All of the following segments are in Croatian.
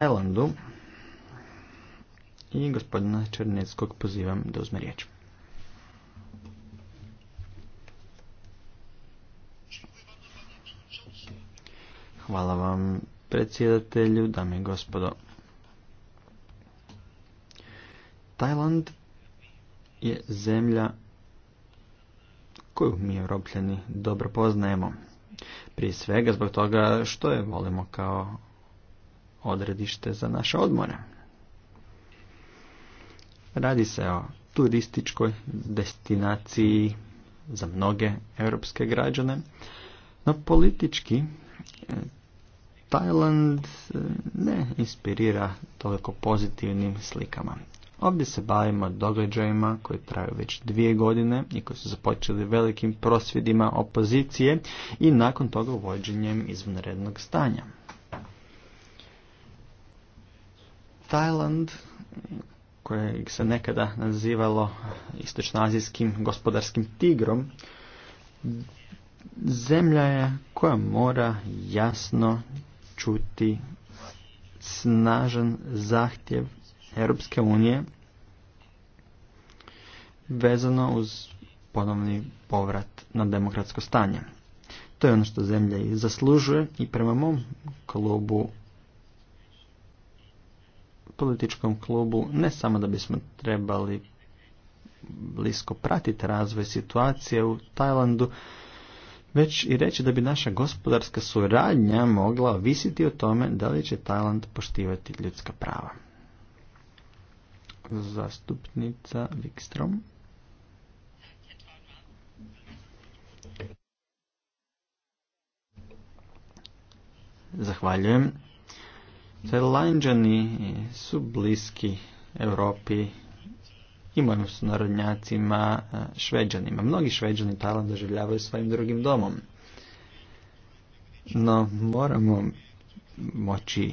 Tajlandu i gospodina Černeckog pozivam da uzme riječ. Hvala vam predsjedatelju, dame i gospodo. Tajland je zemlja koju mi europljani dobro poznajemo. Prije svega zbog toga što je volimo kao odredište za naše odmore. Radi se o turističkoj destinaciji za mnoge europske građane, no politički e, Tajland e, ne inspirira toliko pozitivnim slikama. Ovdje se bavimo događajima koji traju već dvije godine i koji su započeli velikim prosvjedima opozicije i nakon toga uvođenjem izvanrednog stanja. Tajland, kojeg se nekada nazivalo istočnoazijskim gospodarskim tigrom, zemlja je koja mora jasno čuti snažan zahtjev Europske unije vezano uz ponovni povrat na demokratsko stanje. To je ono što zemlja i zaslužuje i prema mom klubu političkom klubu ne samo da bismo trebali blisko pratiti razvoj situacije u Tajlandu, već i reći da bi naša gospodarska suradnja mogla visiti o tome da li će Tajland poštivati ljudska prava. Zastupnica Wikstrom. Zahvaljujem. Tajlanđani su bliski Europi i mojim sunarodnjacima e, Šveđanima. Mnogi Šveđani Tajland doživljavaju svojim drugim domom. No, moramo moći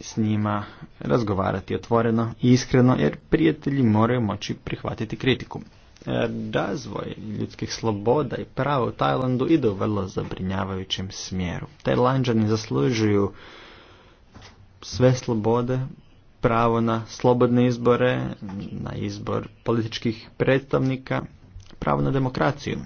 s njima razgovarati otvoreno i iskreno, jer prijatelji moraju moći prihvatiti kritiku. E, razvoj ljudskih sloboda i prava u Tajlandu ide u vrlo zabrinjavajućem smjeru. Tajlanđani zaslužuju sve slobode, pravo na slobodne izbore, na izbor političkih predstavnika, pravo na demokraciju.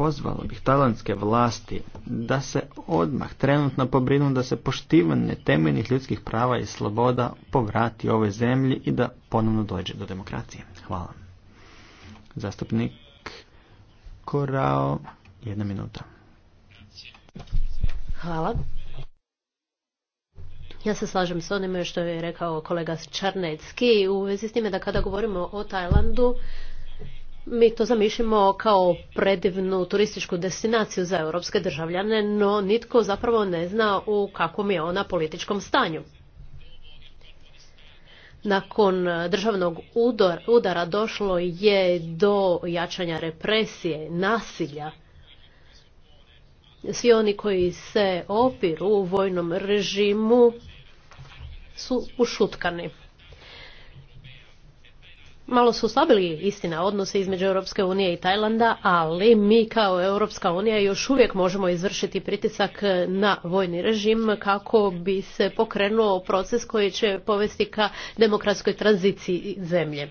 Pozvalo bih talijanske vlasti da se odmah trenutno pobrinu da se poštivanje temeljnih ljudskih prava i sloboda povrati ovoj zemlji i da ponovno dođe do demokracije. Hvala. Zastupnik Korao, jedna minuta. Hvala. Ja se slažem s onime što je rekao kolega Čarnecki u vezi s time da kada govorimo o Tajlandu, mi to zamišljamo kao predivnu turističku destinaciju za europske državljane, no nitko zapravo ne zna u kakvom je ona političkom stanju. Nakon državnog udara došlo je do jačanja represije, nasilja, svi oni koji se opiru u vojnom režimu su ušutkani. Malo su slabili istina odnose između Europske unije i Tajlanda, ali mi kao Europska unija još uvijek možemo izvršiti pritisak na vojni režim kako bi se pokrenuo proces koji će povesti ka demokratskoj tranziciji zemlje.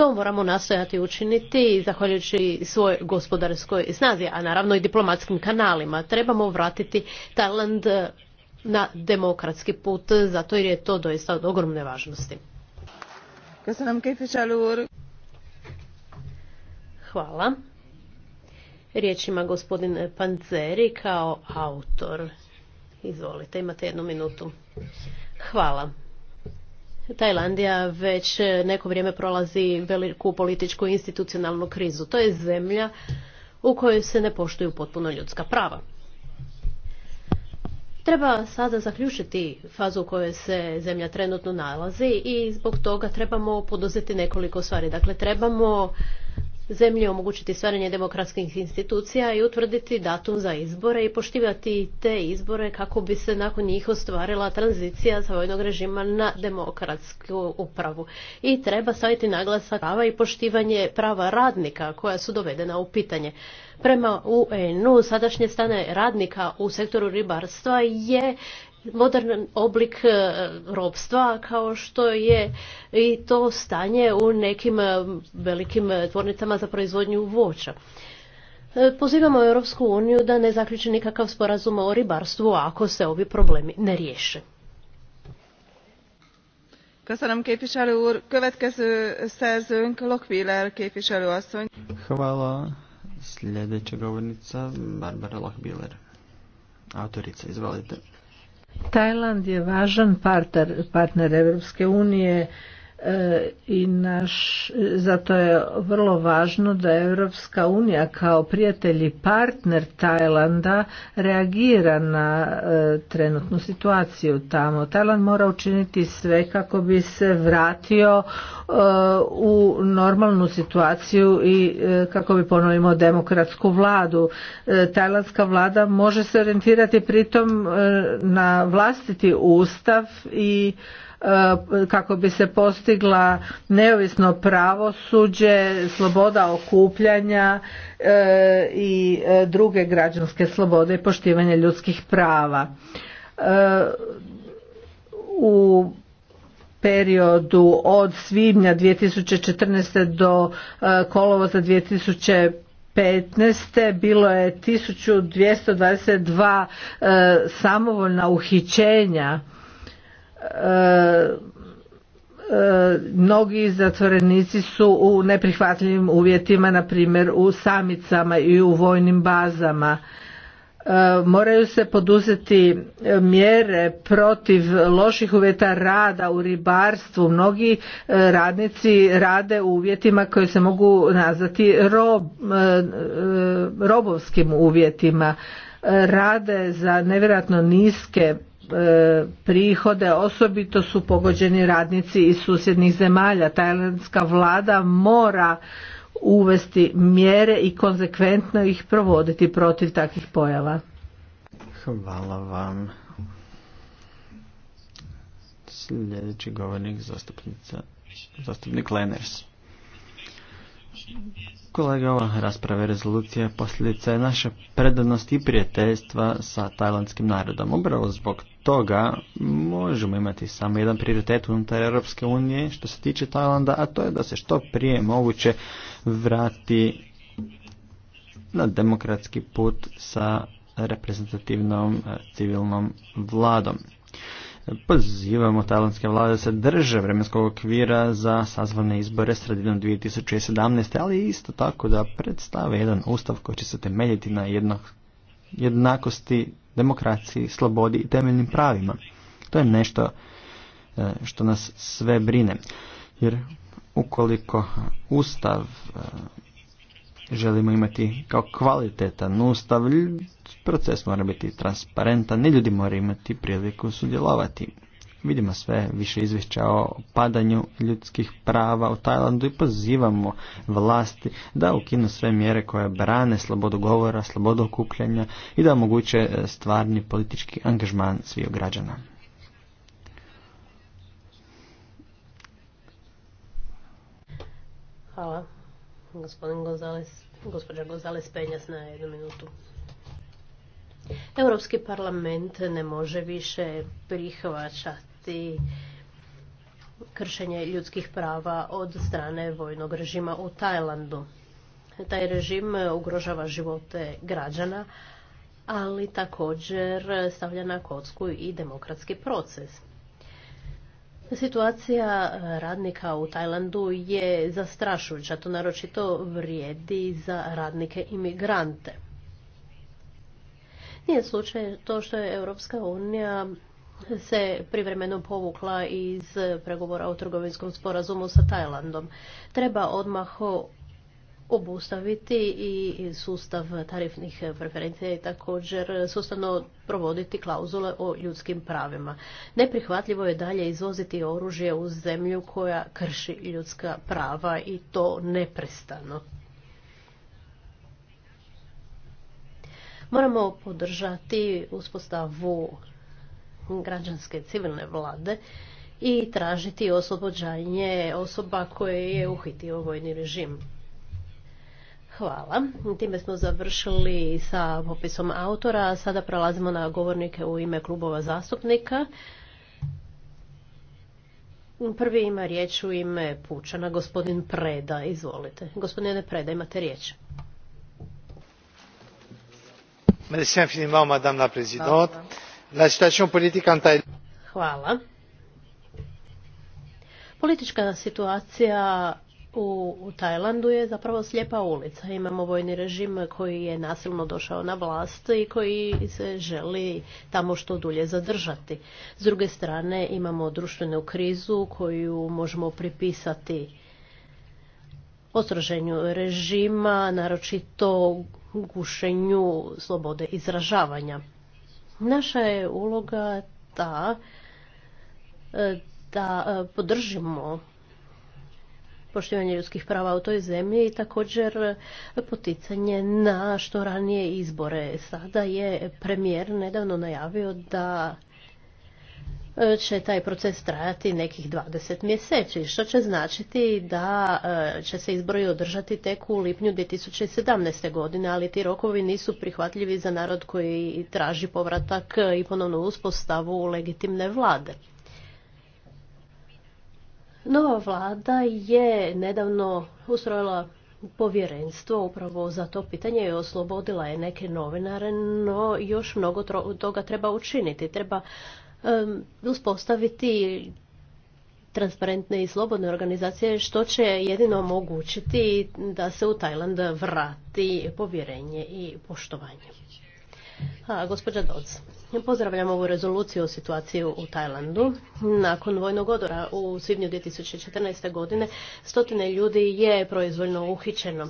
To moramo nastojati učiniti zahvaljujući svoj gospodarskoj snazi, a naravno i diplomatskim kanalima. Trebamo vratiti Tajland eh, na demokratski put, zato jer je to doista od ogromne važnosti. Hvala. Riječ ima gospodin Panzeri kao autor. Izvolite, imate jednu minutu. Hvala. Tajlandija već neko vrijeme prolazi veliku političku i institucionalnu krizu. To je zemlja u kojoj se ne poštuju potpuno ljudska prava. Treba sada zaključiti fazu u kojoj se zemlja trenutno nalazi i zbog toga trebamo poduzeti nekoliko stvari. Dakle, trebamo zemlji omogućiti stvaranje demokratskih institucija i utvrditi datum za izbore i poštivati te izbore kako bi se nakon njih ostvarila tranzicija sa vojnog režima na demokratsku upravu. I treba staviti naglasak prava i poštivanje prava radnika koja su dovedena u pitanje. Prema UN-u sadašnje stane radnika u sektoru ribarstva je modern oblik e, robstva kao što je i to stanje u nekim e, velikim e, tvornicama za proizvodnju voća. Pozivamo Europsku uniju da ne zaključi nikakav sporazum o ribarstvu ako se ovi problemi ne riješe. Hvala. Sljedeća govornica Barbara Lachbiler. Autorica, izvalite. Tajland je važan partner, partner Europske unije E, i naš, zato je vrlo važno da Europska unija kao prijatelj i partner Tajlanda reagira na e, trenutnu situaciju tamo. Tajland mora učiniti sve kako bi se vratio e, u normalnu situaciju i kako bi ponovimo demokratsku vladu. Tajlandska vlada može se orijentirati pritom na vlastiti ustav i E, kako bi se postigla neovisno pravosuđe, sloboda okupljanja e, i e, druge građanske slobode i poštivanje ljudskih prava. U periodu od svibnja 2014. do kolovoza 2015. bilo je 1222 samovoljna uhićenja E, e, mnogi zatvorenici su u neprihvatljivim uvjetima na primjer u samicama i u vojnim bazama e, moraju se poduzeti mjere protiv loših uvjeta rada u ribarstvu mnogi radnici rade u uvjetima koje se mogu nazvati rob, robovskim uvjetima rade za nevjerojatno niske E, prihode osobito su pogođeni radnici iz susjednih zemalja. Tajlandska vlada mora uvesti mjere i konzekventno ih provoditi protiv takvih pojava. Hvala vam. Sljedeći govornik zastupnica, zastupnik Leners. Kolega, ova rasprava i rezolucija posljedica je naša predanost i prijateljstva sa tajlandskim narodom. Upravo zbog toga možemo imati samo jedan prioritet unutar Europske unije što se tiče Tajlanda, a to je da se što prije moguće vrati na demokratski put sa reprezentativnom eh, civilnom vladom. Pozivamo talijanske vlade da se drže vremenskog okvira za sazvane izbore sredinom 2017. ali isto tako da predstave jedan ustav koji će se temeljiti na jednakosti, demokraciji, slobodi i temeljnim pravima. To je nešto e, što nas sve brine. Jer ukoliko ustav e, želimo imati kao kvalitetan ustav, proces mora biti transparentan i ljudi moraju imati priliku sudjelovati. Vidimo sve više izvješća o padanju ljudskih prava u Tajlandu i pozivamo vlasti da ukinu sve mjere koje brane slobodu govora, slobodu okupljanja i da omoguće stvarni politički angažman svih građana. Hvala. Gospodin Gonzales, gospođa Gonzales Penjas na jednu minutu. Europski parlament ne može više prihvaćati kršenje ljudskih prava od strane vojnog režima u Tajlandu. Taj režim ugrožava živote građana, ali također stavlja na kocku i demokratski proces. Situacija e, radnika u Tajlandu je zastrašujuća, to naročito vrijedi za radnike imigrante. Nije slučaj to što je Europska unija se privremeno povukla iz pregovora o trgovinskom sporazumu sa Tajlandom. Treba odmah obustaviti i sustav tarifnih preferencija i također sustavno provoditi klauzule o ljudskim pravima. Neprihvatljivo je dalje izvoziti oružje u zemlju koja krši ljudska prava i to neprestano. Moramo podržati uspostavu građanske civilne vlade i tražiti oslobođanje osoba koje je uhitio vojni režim. Hvala. Time smo završili sa popisom autora. Sada prelazimo na govornike u ime klubova zastupnika. Prvi ima riječ u ime Pučana, gospodin Preda. Izvolite. Gospodine Preda, imate riječ. Hvala. Politička situacija u, Tajlandu je zapravo slijepa ulica. Imamo vojni režim koji je nasilno došao na vlast i koji se želi tamo što dulje zadržati. S druge strane imamo društvenu krizu koju možemo pripisati osraženju režima, naročito gušenju slobode izražavanja. Naša je uloga ta e, da e, podržimo poštivanje ljudskih prava u toj zemlji i također poticanje na što ranije izbore. Sada je premijer nedavno najavio da e, će taj proces trajati nekih 20 mjeseci, što će značiti da e, će se izbori održati tek u lipnju 2017. godine, ali ti rokovi nisu prihvatljivi za narod koji traži povratak i ponovnu uspostavu legitimne vlade. Nova vlada je nedavno ustrojila povjerenstvo upravo za to pitanje i oslobodila je neke novinare, no još mnogo toga treba učiniti. Treba uspostaviti transparentne i slobodne organizacije što će jedino omogućiti da se u Tajland vrati povjerenje i poštovanje gospođa Doc, pozdravljam ovu rezoluciju o situaciji u Tajlandu. Nakon vojnog odora u svibnju 2014. godine stotine ljudi je proizvoljno uhićeno.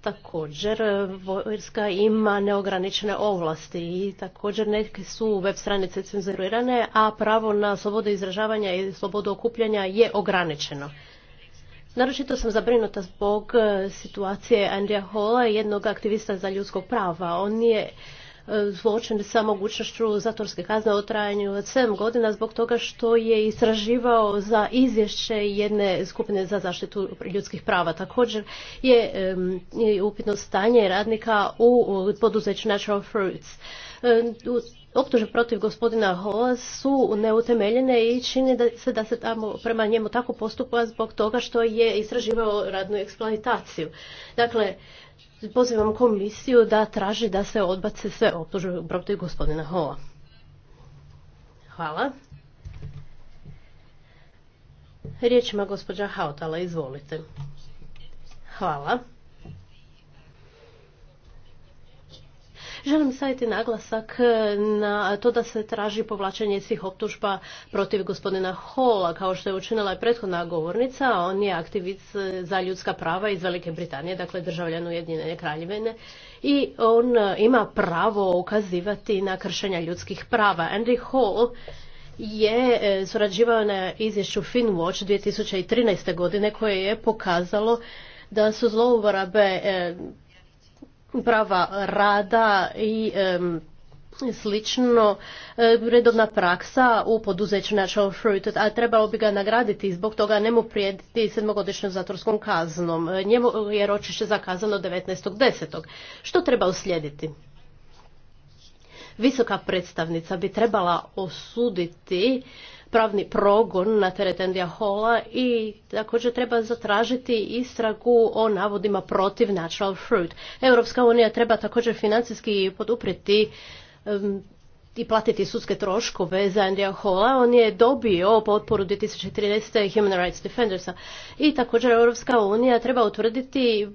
Također, vojska ima neograničene ovlasti i također neke su web stranice cenzurirane, a pravo na slobodu izražavanja i slobodu okupljanja je ograničeno. Naročito sam zabrinuta zbog e, situacije Andrija Hola, jednog aktivista za ljudskog prava. On je zločin sa mogućnošću zatvorske kazne o trajanju od 7 godina zbog toga što je istraživao za izvješće jedne skupine za zaštitu ljudskih prava. Također je upitno stanje radnika u poduzeću Natural Fruits. E, optuže protiv gospodina Hoa su neutemeljene i čini se, da se tamo, prema njemu tako postupa zbog toga što je istraživao radnu eksploataciju. Dakle, pozivam komisiju da traži da se odbace sve optuže protiv gospodina Hoa. Hvala. Riječ ima gospođa Hautala, izvolite. Hvala. Želim staviti naglasak e, na to da se traži povlačenje svih optužba protiv gospodina Hola, kao što je učinila i prethodna govornica. On je aktivist e, za ljudska prava iz Velike Britanije, dakle državljan Ujedinjene kraljevine. I on e, ima pravo ukazivati na kršenja ljudskih prava. Andy Hall je surađivao na izvješću Finwatch 2013. godine koje je pokazalo da su zlouporabe prava rada i slično redovna praksa u poduzeću National Fruit, a trebalo bi ga nagraditi zbog toga ne mu prijediti sedmogodišnjom zatvorskom kaznom. Njemu je ročište zakazano 19.10. Što treba uslijediti? Visoka predstavnica bi trebala osuditi pravni progon na teret andija Hola i također treba zatražiti istragu o navodima protiv Natural Fruit. Europska unija treba također financijski poduprijeti um, i platiti sudske troškove za Andrija Hola. On je dobio potporu 2013. Human Rights Defendersa. I također Europska unija treba utvrditi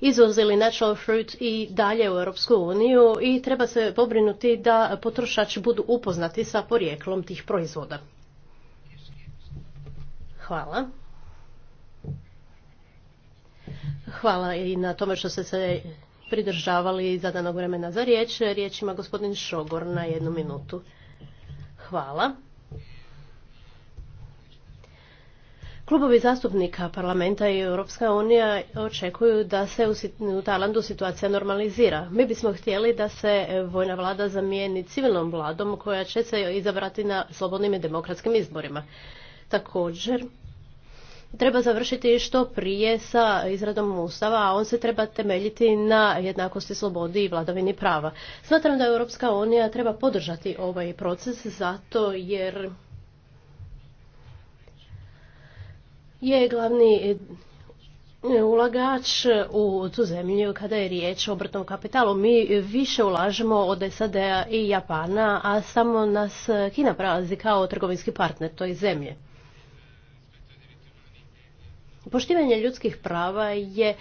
izvozili natural fruit i dalje u Europsku uniju i treba se pobrinuti da potrošači budu upoznati sa porijeklom tih proizvoda. Hvala. Hvala i na tome što ste se pridržavali zadanog vremena za riječ. Riječ ima gospodin Šogor na jednu minutu. Hvala. Klubovi zastupnika parlamenta i Europska unija očekuju da se u Tajlandu situacija normalizira. Mi bismo htjeli da se e, vojna vlada zamijeni civilnom vladom koja će se izabrati na slobodnim i demokratskim izborima. Također, treba završiti što prije sa izradom Ustava, a on se treba temeljiti na jednakosti, slobodi i vladavini prava. Smatram da Europska unija treba podržati ovaj proces zato jer je glavni e, e, ulagač u tu zemlju kada je riječ o obrtnom kapitalu. Mi više ulažemo od sad i Japana, a samo nas Kina prelazi kao trgovinski partner toj zemlje. Poštivanje ljudskih prava je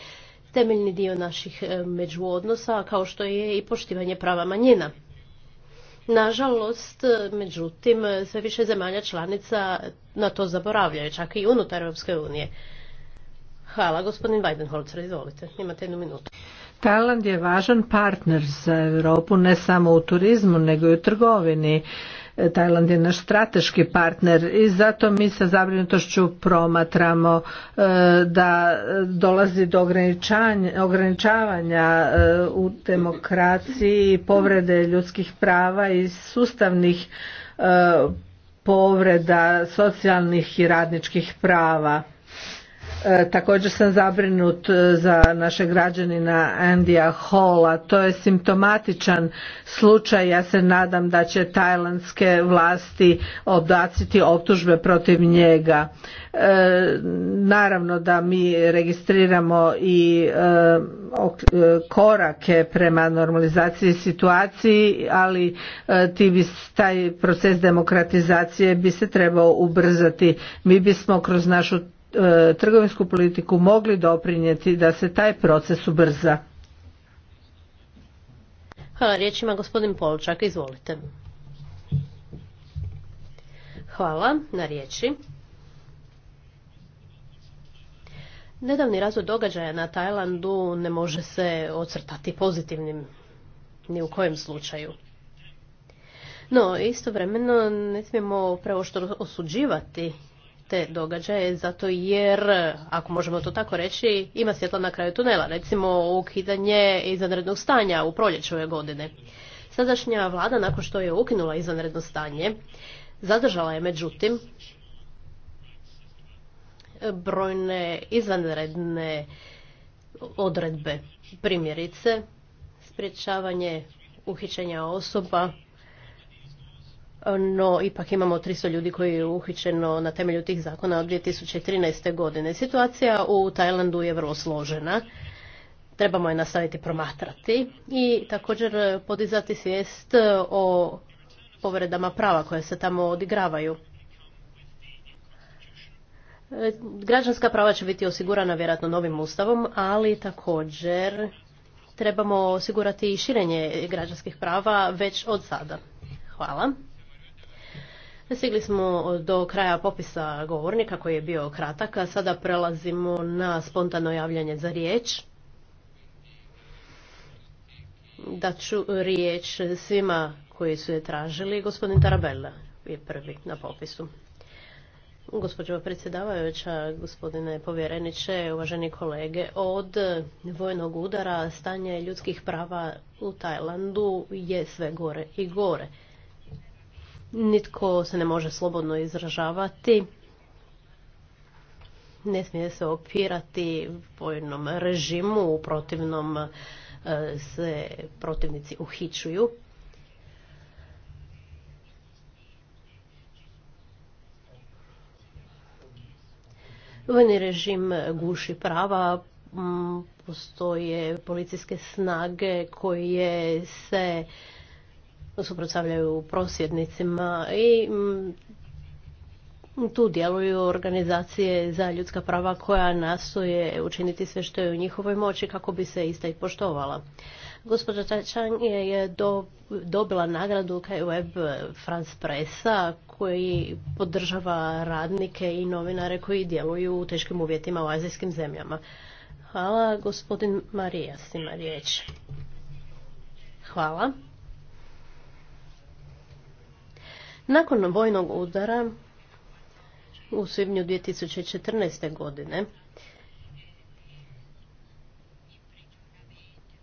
temeljni dio naših e, međuodnosa, kao što je i poštivanje prava manjina. Nažalost, međutim, sve više zemalja članica na to zaboravljaju, čak i unutar Europske unije. Hvala, gospodin Weidenholzer, izvolite, imate jednu minutu. Tajland je važan partner za Europu ne samo u turizmu nego i u trgovini. Tajland je naš strateški partner i zato mi sa zabrinutošću promatramo e, da dolazi do ograničavanja e, u demokraciji, povrede ljudskih prava i sustavnih e, povreda socijalnih i radničkih prava E, također sam zabrinut e, za našeg građanina Andija Hola. To je simptomatičan slučaj. Ja se nadam da će tajlandske vlasti odbaciti optužbe protiv njega. E, naravno da mi registriramo i korake prema normalizaciji situaciji, ali ti bi, taj proces demokratizacije bi se trebao ubrzati. Mi bismo kroz našu E, trgovinsku politiku mogli doprinijeti da se taj proces ubrza. Hvala, riječ ima gospodin Polčak, izvolite. Hvala na riječi. Nedavni razvoj događaja na Tajlandu ne može se ocrtati pozitivnim ni u kojem slučaju. No, istovremeno ne smijemo pravo što osuđivati te događaje, zato jer, ako možemo to tako reći, ima svjetla na kraju tunela, recimo ukidanje izvanrednog stanja u proljeću ove godine. Sadašnja vlada, nakon što je ukinula izvanredno stanje, zadržala je međutim brojne izvanredne odredbe, primjerice, sprječavanje uhićenja osoba, no ipak imamo 300 ljudi koji je uhićeno na temelju tih zakona od 2013. godine. Situacija u Tajlandu je vrlo složena. Trebamo je nastaviti promatrati i također podizati svijest o povredama prava koje se tamo odigravaju. Građanska prava će biti osigurana vjerojatno novim ustavom, ali također trebamo osigurati i širenje građanskih prava već od sada. Hvala. Stigli smo do kraja popisa govornika koji je bio kratak, a sada prelazimo na spontano javljanje za riječ. Da ću riječ svima koji su je tražili. Gospodin Tarabella je prvi na popisu. Gospođo predsjedavajuća, gospodine povjereniče, uvaženi kolege, od vojnog udara stanje ljudskih prava u Tajlandu je sve gore i gore. Nitko se ne može slobodno izražavati. Ne smije se opirati vojnom režimu, u protivnom e, se protivnici uhićuju. Vojni režim guši prava, postoje policijske snage koje se suprotstavljaju prosvjednicima i mm, tu djeluju organizacije za ljudska prava koja nastoje učiniti sve što je u njihovoj moći kako bi se ista i poštovala. Gospođa Čačan je dobila nagradu kaj web France Pressa koji podržava radnike i novinare koji djeluju u teškim uvjetima u azijskim zemljama. Hvala, gospodin s ima riječ. Hvala. Nakon vojnog udara u svibnju 2014. godine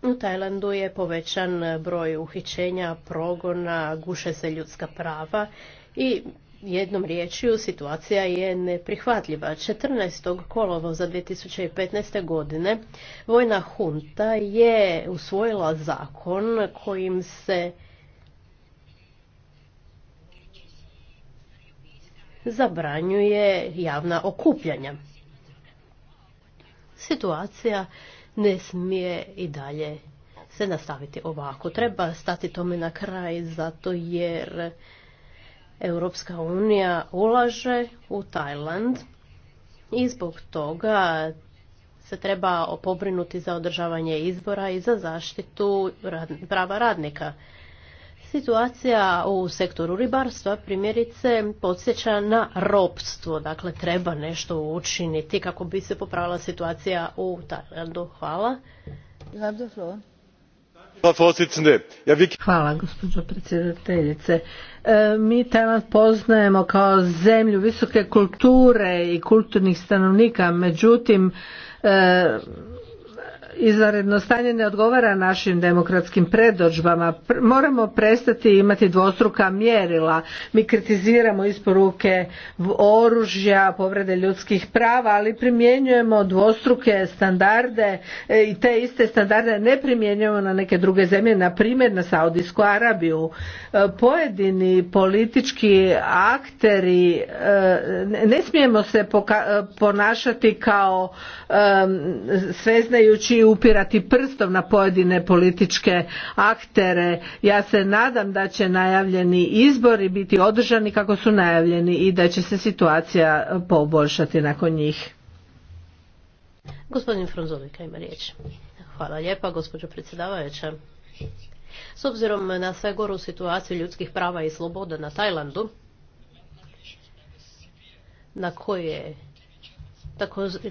U Tajlandu je povećan broj uhićenja, progona, guše se ljudska prava i jednom riječju situacija je neprihvatljiva. 14. kolovo za 2015. godine vojna hunta je usvojila zakon kojim se zabranjuje javna okupljanja. Situacija ne smije i dalje se nastaviti ovako. Treba stati tome na kraj zato jer Europska unija ulaže u Tajland i zbog toga se treba pobrinuti za održavanje izbora i za zaštitu prava radnika. Situacija u sektoru ribarstva primjerice podsjeća na ropstvo, dakle treba nešto učiniti kako bi se popravila situacija u Tajlandu. Hvala. Hvala gospođo predsjedateljice. E, mi Tajland poznajemo kao zemlju visoke kulture i kulturnih stanovnika, međutim e, izvanredno stanje ne odgovara našim demokratskim predođbama. Moramo prestati imati dvostruka mjerila. Mi kritiziramo isporuke oružja, povrede ljudskih prava, ali primjenjujemo dvostruke standarde e, i te iste standarde ne primjenjujemo na neke druge zemlje, na primjer na Saudijsku Arabiju. E, pojedini politički akteri e, ne smijemo se ponašati kao sveznajući upirati prstom na pojedine političke aktere. Ja se nadam da će najavljeni izbori biti održani kako su najavljeni i da će se situacija poboljšati nakon njih. Gospodin Frunzovika ima riječ. Hvala lijepa, gospođo predsjedavajuća. S obzirom na sve goru situaciju ljudskih prava i sloboda na Tajlandu, na koje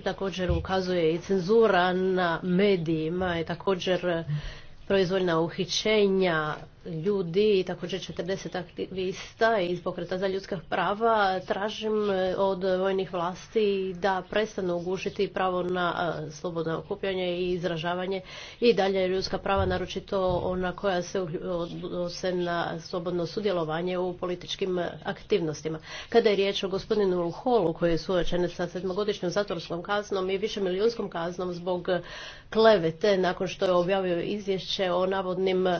također ukazuje i cenzura na medijima i također proizvoljna uhićenja ljudi i također 40 aktivista iz pokreta za ljudska prava tražim od vojnih vlasti da prestanu ugušiti pravo na slobodno okupljanje i izražavanje i dalje ljudska prava, naročito ona koja se odnose na slobodno sudjelovanje u političkim aktivnostima. Kada je riječ o gospodinu Holu koji je suočen sa sedmogodišnjom zatvorskom kaznom i više kaznom zbog klevete nakon što je objavio izvješće o navodnim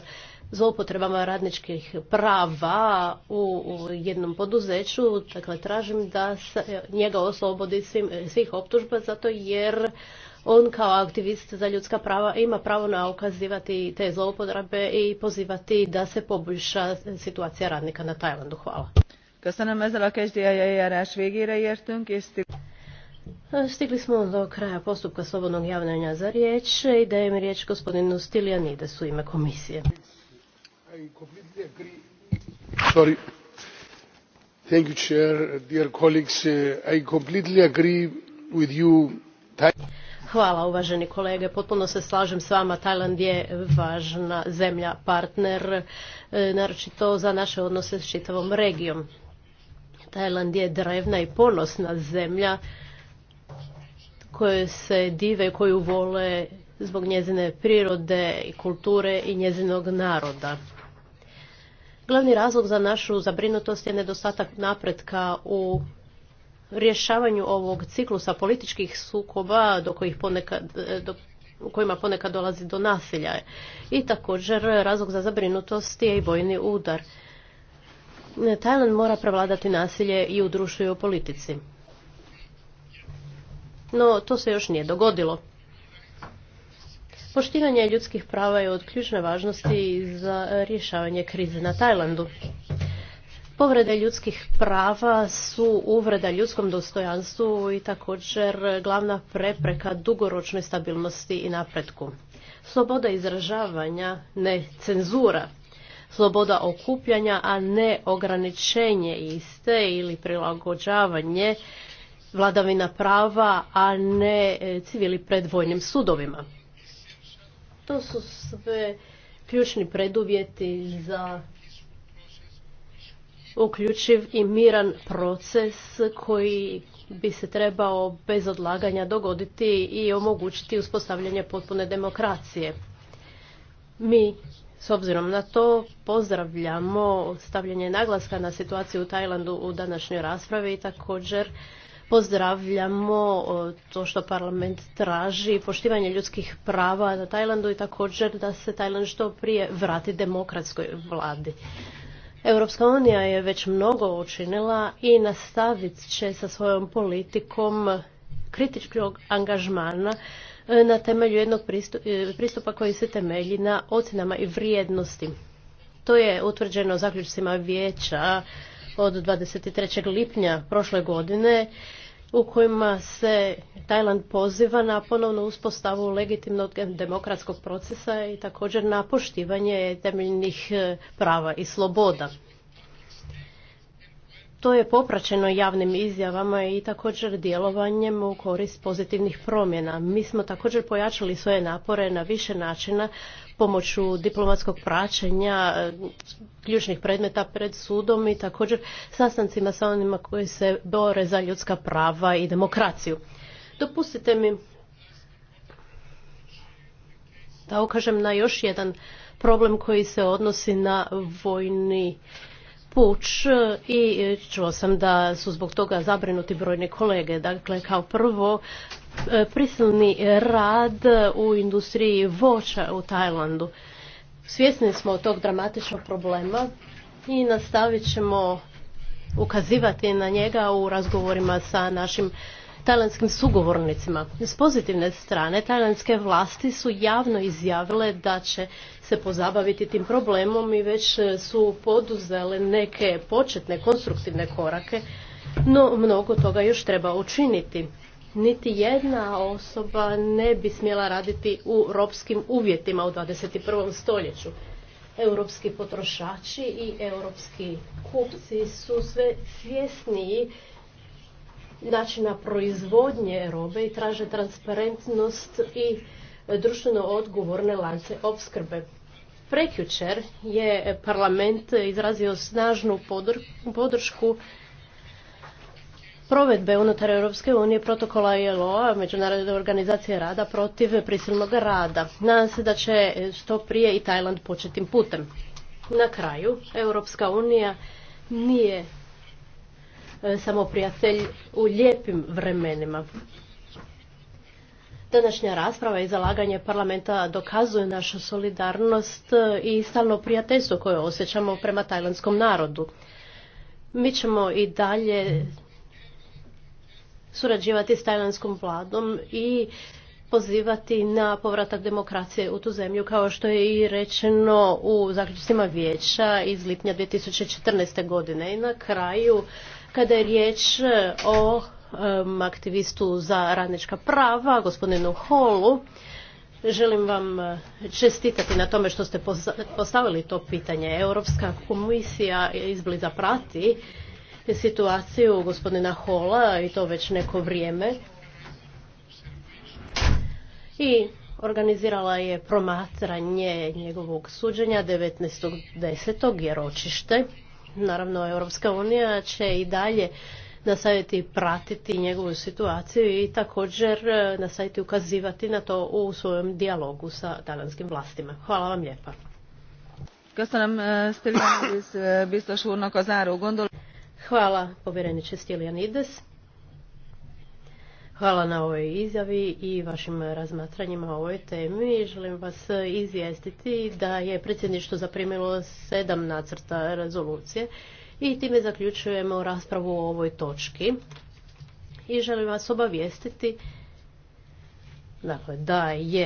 zloupotrebama radničkih prava u jednom poduzeću. Dakle, tražim da se njega oslobodi svih optužba zato jer on kao aktivist za ljudska prava ima pravo na ukazivati te zloupotrebe i pozivati da se poboljša situacija radnika na Tajlandu. Hvala. Stigli smo do kraja postupka slobodnog javljanja za riječ i dajem riječ gospodinu Stiljanides u ime komisije. Uh, i i Hvala uvaženi kolege, potpuno se slažem s vama, Tajland je važna zemlja, partner, e, naročito za naše odnose s čitavom regijom. Tajland je drevna i ponosna zemlja koje se dive, koju vole zbog njezine prirode i kulture i njezinog naroda. Glavni razlog za našu zabrinutost je nedostatak napretka u rješavanju ovog ciklusa političkih sukoba do kojih ponekad, do u kojima ponekad dolazi do nasilja. I također razlog za zabrinutost je i vojni udar. Tajland mora prevladati nasilje i u društvu i u politici. No, to se još nije dogodilo. Poštivanje ljudskih prava je od ključne važnosti za rješavanje krize na Tajlandu. Povrede ljudskih prava su uvreda ljudskom dostojanstvu i također glavna prepreka dugoročnoj stabilnosti i napretku. Sloboda izražavanja, ne cenzura, sloboda okupljanja, a ne ograničenje iste ili prilagođavanje vladavina prava, a ne e, civili pred vojnim sudovima. To su sve ključni preduvjeti za uključiv i miran proces koji bi se trebao bez odlaganja dogoditi i omogućiti uspostavljanje potpune demokracije. Mi, s obzirom na to, pozdravljamo stavljanje naglaska na situaciju u Tajlandu u današnjoj raspravi i također Pozdravljamo to što parlament traži, poštivanje ljudskih prava na Tajlandu i također da se Tajland što prije vrati demokratskoj vladi. Europska unija je već mnogo učinila i nastavit će sa svojom politikom kritičkog angažmana e, na temelju jednog e, pristupa koji se temelji na ocjenama i vrijednosti. To je utvrđeno zaključcima vijeća od 23. lipnja prošle godine u kojima se Tajland poziva na ponovnu uspostavu legitimnog demokratskog procesa i također na poštivanje temeljnih e, prava i sloboda. To je popraćeno javnim izjavama i također djelovanjem u korist pozitivnih promjena. Mi smo također pojačali svoje napore na više načina pomoću diplomatskog praćenja e, ključnih predmeta pred sudom i također sastancima sa onima koji se bore za ljudska prava i demokraciju. Dopustite mi da ukažem na još jedan problem koji se odnosi na vojni puč e, i e, čuo sam da su zbog toga zabrinuti brojne kolege. Dakle, kao prvo, e, prisilni rad u industriji voća u Tajlandu. Svjesni smo tog dramatičnog problema i nastavit ćemo ukazivati na njega u razgovorima sa našim tajlandskim sugovornicima. S pozitivne strane, tajlandske vlasti su javno izjavile da će se pozabaviti tim problemom i već e, su poduzele neke početne konstruktivne korake, no mnogo toga još treba učiniti. Niti jedna osoba ne bi smjela raditi u ropskim uvjetima u 21. stoljeću europski potrošači i europski kupci su sve svjesniji načina proizvodnje robe i traže transparentnost i društveno odgovorne lance opskrbe. Prekjučer je parlament izrazio snažnu podršku provedbe unutar Europske unije protokola ILO-a, Međunarodne organizacije rada protiv prisilnog rada. Nadam se da će što prije i Tajland početi putem. Na kraju, Europska unija nije E, samo prijatelj u lijepim vremenima. Današnja rasprava i zalaganje parlamenta dokazuje našu solidarnost e, i stalno prijateljstvo koje osjećamo prema tajlandskom narodu. Mi ćemo i dalje surađivati s tajlandskom vladom i pozivati na povratak demokracije u tu zemlju, kao što je i rečeno u zaključcima vijeća iz lipnja 2014. godine. I na kraju kada je riječ eh, o aktivistu za radnička prava, gospodinu Holu. Želim vam eh, čestitati na tome što ste postavili to pitanje. Europska komisija izbliza prati situaciju gospodina Hola i to već neko vrijeme. I organizirala je promatranje njegovog suđenja 19.10. jer očište Naravno, Europska unija će i dalje nastaviti pratiti njegovu situaciju i također e, nastaviti ukazivati na to u svojem dijalogu sa talijanskim vlastima. Hvala vam lijepa. E, e, Hvala povjereniče Stiljanides. Hvala na ovoj izjavi i vašim razmatranjima o ovoj temi. Želim vas izvijestiti da je predsjedništvo zaprimilo sedam nacrta rezolucije i time zaključujemo raspravu o ovoj točki. I želim vas obavijestiti dakle, da je